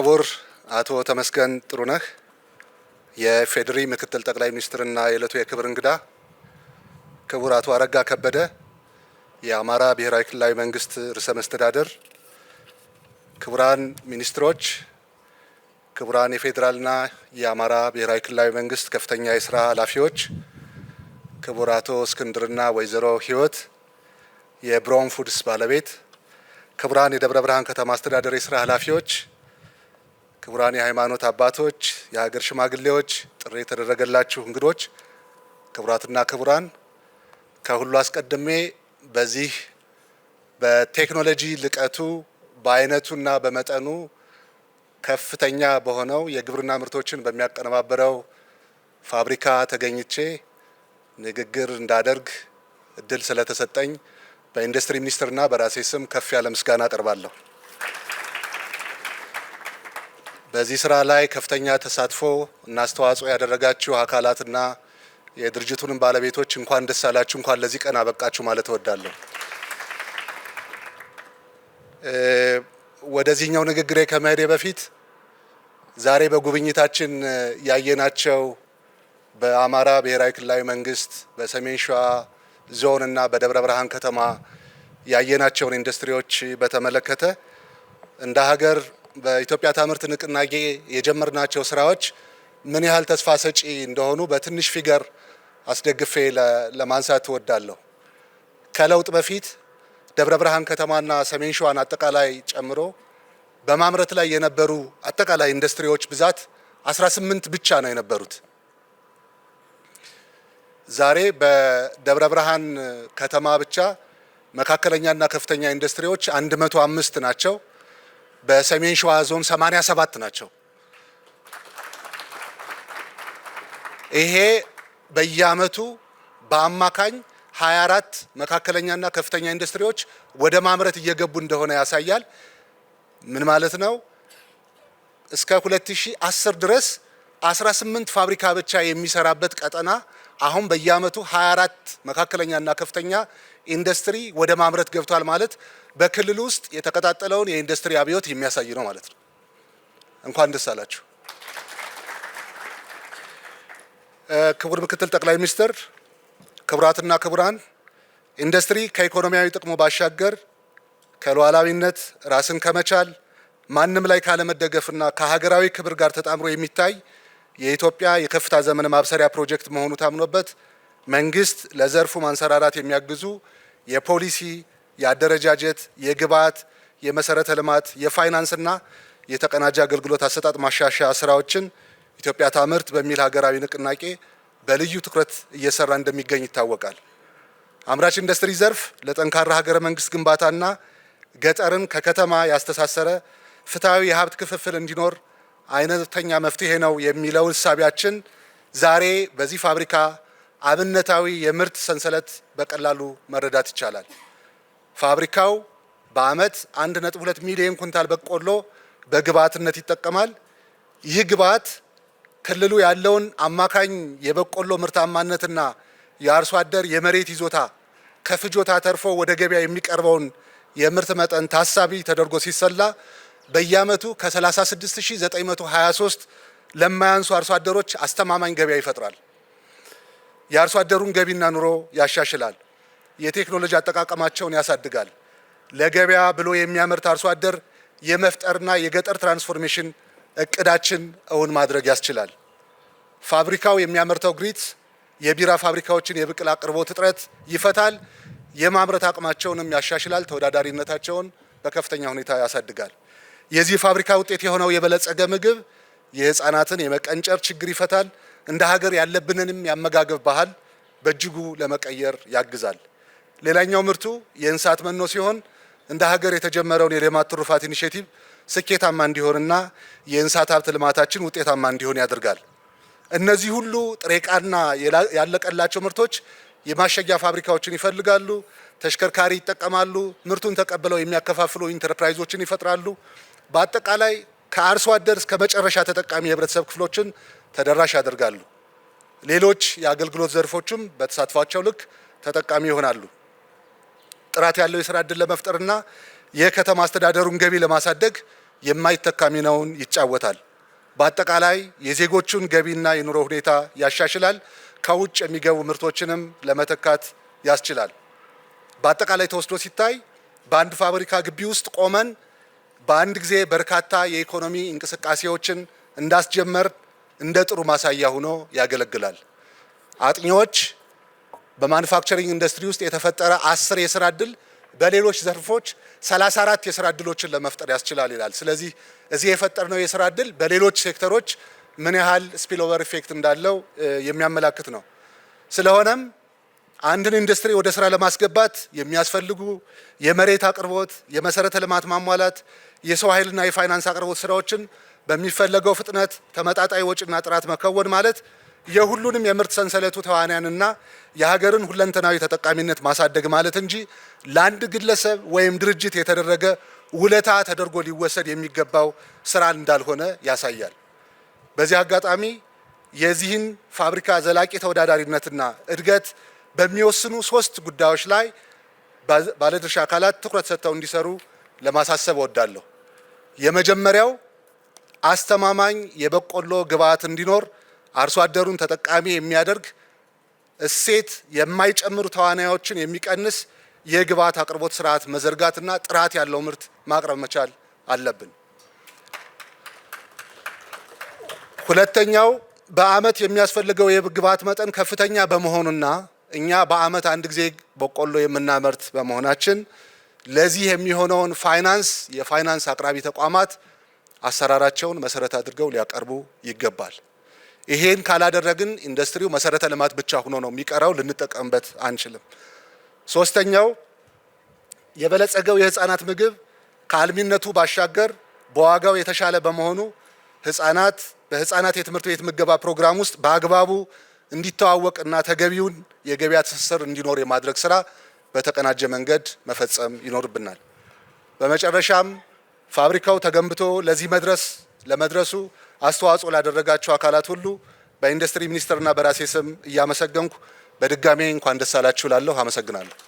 ክቡር አቶ ተመስገን ጥሩነህ የፌዴሪ ምክትል ጠቅላይ ሚኒስትርና የዕለቱ የክብር እንግዳ ክቡር አቶ አረጋ ከበደ የአማራ ብሔራዊ ክልላዊ መንግስት ርዕሰ መስተዳደር፣ ክቡራን ሚኒስትሮች፣ ክቡራን የፌዴራልና የአማራ ብሔራዊ ክልላዊ መንግስት ከፍተኛ የስራ ኃላፊዎች፣ ክቡር አቶ እስክንድርና ወይዘሮ ህይወት የብሮንፉድስ ፉድስ ባለቤት፣ ክቡራን የደብረ ብርሃን ከተማ አስተዳደር የስራ ኃላፊዎች ክቡራን የሃይማኖት አባቶች፣ የሀገር ሽማግሌዎች፣ ጥሪ የተደረገላችሁ እንግዶች፣ ክቡራትና ክቡራን፣ ከሁሉ አስቀድሜ በዚህ በቴክኖሎጂ ልቀቱ በአይነቱና በመጠኑ ከፍተኛ በሆነው የግብርና ምርቶችን በሚያቀነባበረው ፋብሪካ ተገኝቼ ንግግር እንዳደርግ እድል ስለተሰጠኝ በኢንዱስትሪ ሚኒስትርና በራሴ ስም ከፍ ያለ ምስጋና አቀርባለሁ። በዚህ ስራ ላይ ከፍተኛ ተሳትፎ እና አስተዋጽኦ ያደረጋችሁ አካላትና የድርጅቱንም ባለቤቶች እንኳን ደስ አላችሁ፣ እንኳን ለዚህ ቀን አበቃችሁ ማለት እወዳለሁ። ወደዚህኛው ንግግሬ ከመሄዴ በፊት ዛሬ በጉብኝታችን ያየናቸው በአማራ ብሔራዊ ክልላዊ መንግስት በሰሜን ሸዋ ዞን እና በደብረ ብርሃን ከተማ ያየናቸውን ኢንዱስትሪዎች በተመለከተ እንደ ሀገር በኢትዮጵያ ታምርት ንቅናቄ የጀመርናቸው ስራዎች ምን ያህል ተስፋ ሰጪ እንደሆኑ በትንሽ ፊገር አስደግፌ ለማንሳት ትወዳለሁ። ከለውጥ በፊት ደብረ ብርሃን ከተማና ሰሜን ሸዋን አጠቃላይ ጨምሮ በማምረት ላይ የነበሩ አጠቃላይ ኢንዱስትሪዎች ብዛት 18 ብቻ ነው የነበሩት። ዛሬ በደብረ ብርሃን ከተማ ብቻ መካከለኛና ከፍተኛ ኢንዱስትሪዎች 105 ናቸው። በሰሜን ሸዋ ዞን 87 ናቸው። ይሄ በየአመቱ በአማካኝ 24 መካከለኛና ከፍተኛ ኢንዱስትሪዎች ወደ ማምረት እየገቡ እንደሆነ ያሳያል። ምን ማለት ነው? እስከ 2010 ድረስ 18 ፋብሪካ ብቻ የሚሰራበት ቀጠና አሁን በየአመቱ 24 መካከለኛና ከፍተኛ ኢንዱስትሪ ወደ ማምረት ገብቷል ማለት በክልል ውስጥ የተቀጣጠለውን የኢንዱስትሪ አብዮት የሚያሳይ ነው ማለት ነው። እንኳን ደስ አላችሁ። ክቡር ምክትል ጠቅላይ ሚኒስትር፣ ክቡራትና ክቡራን፣ ኢንዱስትሪ ከኢኮኖሚያዊ ጥቅሙ ባሻገር ከሉዓላዊነት ራስን ከመቻል ማንም ላይ ካለመደገፍና ከሀገራዊ ክብር ጋር ተጣምሮ የሚታይ የኢትዮጵያ የከፍታ ዘመን ማብሰሪያ ፕሮጀክት መሆኑ ታምኖበት መንግስት ለዘርፉ ማንሰራራት የሚያግዙ የፖሊሲ፣ የአደረጃጀት፣ የግብዓት፣ የመሰረተ ልማት፣ የፋይናንስና የተቀናጀ አገልግሎት አሰጣጥ ማሻሻያ ስራዎችን ኢትዮጵያ ታምርት በሚል ሀገራዊ ንቅናቄ በልዩ ትኩረት እየሰራ እንደሚገኝ ይታወቃል። አምራች ኢንዱስትሪ ዘርፍ ለጠንካራ ሀገረ መንግስት ግንባታና ገጠርን ከከተማ ያስተሳሰረ ፍትሐዊ የሀብት ክፍፍል እንዲኖር አይነተኛ መፍትሄ ነው የሚለውን እሳቢያችን ዛሬ በዚህ ፋብሪካ አብነታዊ የምርት ሰንሰለት በቀላሉ መረዳት ይቻላል። ፋብሪካው በዓመት 1.2 ሚሊዮን ኩንታል በቆሎ በግብዓትነት ይጠቀማል። ይህ ግብዓት ክልሉ ያለውን አማካኝ የበቆሎ ምርታማነትና የአርሶ አደር የመሬት ይዞታ ከፍጆታ ተርፎ ወደ ገበያ የሚቀርበውን የምርት መጠን ታሳቢ ተደርጎ ሲሰላ በየዓመቱ ከ36923 ለማያንሱ አርሶ አደሮች አስተማማኝ ገበያ ይፈጥራል። የአርሶ አደሩን ገቢና ኑሮ ያሻሽላል። የቴክኖሎጂ አጠቃቀማቸውን ያሳድጋል። ለገበያ ብሎ የሚያመርት አርሶ አደር የመፍጠርና የገጠር ትራንስፎርሜሽን እቅዳችን እውን ማድረግ ያስችላል። ፋብሪካው የሚያመርተው ግሪት የቢራ ፋብሪካዎችን የብቅል አቅርቦት እጥረት ይፈታል። የማምረት አቅማቸውንም ያሻሽላል። ተወዳዳሪነታቸውን በከፍተኛ ሁኔታ ያሳድጋል። የዚህ ፋብሪካ ውጤት የሆነው የበለጸገ ምግብ የህፃናትን የመቀንጨር ችግር ይፈታል። እንደ ሀገር ያለብንንም ያመጋገብ ባህል በእጅጉ ለመቀየር ያግዛል። ሌላኛው ምርቱ የእንስሳት መኖ ሲሆን እንደ ሀገር የተጀመረውን የሌማት ትሩፋት ኢኒሽቲቭ ስኬታማ እንዲሆንና የእንስሳት ሀብት ልማታችን ውጤታማ እንዲሆን ያደርጋል። እነዚህ ሁሉ ጥሬ ዕቃና ያለቀላቸው ምርቶች የማሸጊያ ፋብሪካዎችን ይፈልጋሉ። ተሽከርካሪ ይጠቀማሉ። ምርቱን ተቀብለው የሚያከፋፍሉ ኢንተርፕራይዞችን ይፈጥራሉ። በአጠቃላይ ከአርሶ አደር እስከ መጨረሻ ተጠቃሚ የህብረተሰብ ክፍሎችን ተደራሽ ያደርጋሉ። ሌሎች የአገልግሎት ዘርፎችም በተሳትፏቸው ልክ ተጠቃሚ ይሆናሉ። ጥራት ያለው የስራ ዕድል ለመፍጠርና የከተማ አስተዳደሩን ገቢ ለማሳደግ የማይተካ ሚናውን ይጫወታል። በአጠቃላይ የዜጎቹን ገቢና የኑሮ ሁኔታ ያሻሽላል። ከውጭ የሚገቡ ምርቶችንም ለመተካት ያስችላል። በአጠቃላይ ተወስዶ ሲታይ በአንድ ፋብሪካ ግቢ ውስጥ ቆመን በአንድ ጊዜ በርካታ የኢኮኖሚ እንቅስቃሴዎችን እንዳስጀመር እንደ ጥሩ ማሳያ ሆኖ ያገለግላል። አጥኚዎች በማኑፋክቸሪንግ ኢንዱስትሪ ውስጥ የተፈጠረ አስር የስራ እድል በሌሎች ዘርፎች 34 የስራ እድሎችን ለመፍጠር ያስችላል ይላል። ስለዚህ እዚህ የፈጠርነው የስራ እድል በሌሎች ሴክተሮች ምን ያህል ስፒልኦቨር ኢፌክት እንዳለው የሚያመላክት ነው። ስለሆነም አንድን ኢንዱስትሪ ወደ ስራ ለማስገባት የሚያስፈልጉ የመሬት አቅርቦት፣ የመሰረተ ልማት ማሟላት የሰው ኃይልና የፋይናንስ አቅርቦት ስራዎችን በሚፈለገው ፍጥነት ተመጣጣይ ወጪና ጥራት መከወን ማለት የሁሉንም የምርት ሰንሰለቱ ተዋንያንና የሀገርን ሁለንተናዊ ተጠቃሚነት ማሳደግ ማለት እንጂ ለአንድ ግለሰብ ወይም ድርጅት የተደረገ ውለታ ተደርጎ ሊወሰድ የሚገባው ስራ እንዳልሆነ ያሳያል። በዚህ አጋጣሚ የዚህን ፋብሪካ ዘላቂ ተወዳዳሪነትና እድገት በሚወስኑ ሶስት ጉዳዮች ላይ ባለድርሻ አካላት ትኩረት ሰጥተው እንዲሰሩ ለማሳሰብ እወዳለሁ። የመጀመሪያው አስተማማኝ የበቆሎ ግብዓት እንዲኖር አርሶ አደሩን ተጠቃሚ የሚያደርግ እሴት የማይጨምሩ ተዋናዮችን የሚቀንስ የግብዓት አቅርቦት ስርዓት መዘርጋትና ጥራት ያለው ምርት ማቅረብ መቻል አለብን። ሁለተኛው በዓመት የሚያስፈልገው የግብዓት መጠን ከፍተኛ በመሆኑና እኛ በዓመት አንድ ጊዜ በቆሎ የምናመርት በመሆናችን ለዚህ የሚሆነውን ፋይናንስ የፋይናንስ አቅራቢ ተቋማት አሰራራቸውን መሰረት አድርገው ሊያቀርቡ ይገባል። ይሄን ካላደረግን ኢንዱስትሪው መሰረተ ልማት ብቻ ሆኖ ነው የሚቀረው፣ ልንጠቀምበት አንችልም። ሶስተኛው የበለጸገው የህፃናት ምግብ ከአልሚነቱ ባሻገር በዋጋው የተሻለ በመሆኑ ህፃናት በህፃናት የትምህርት ቤት ምገባ ፕሮግራም ውስጥ በአግባቡ እንዲተዋወቅና ተገቢውን የገበያ ትስስር እንዲኖር የማድረግ ስራ በተቀናጀ መንገድ መፈጸም ይኖርብናል። በመጨረሻም ፋብሪካው ተገንብቶ ለዚህ መድረስ ለመድረሱ አስተዋጽኦ ላደረጋቸው አካላት ሁሉ በኢንዱስትሪ ሚኒስቴርና በራሴ ስም እያመሰገንኩ በድጋሜ እንኳን ደስ አላችሁ ላለሁ አመሰግናለሁ።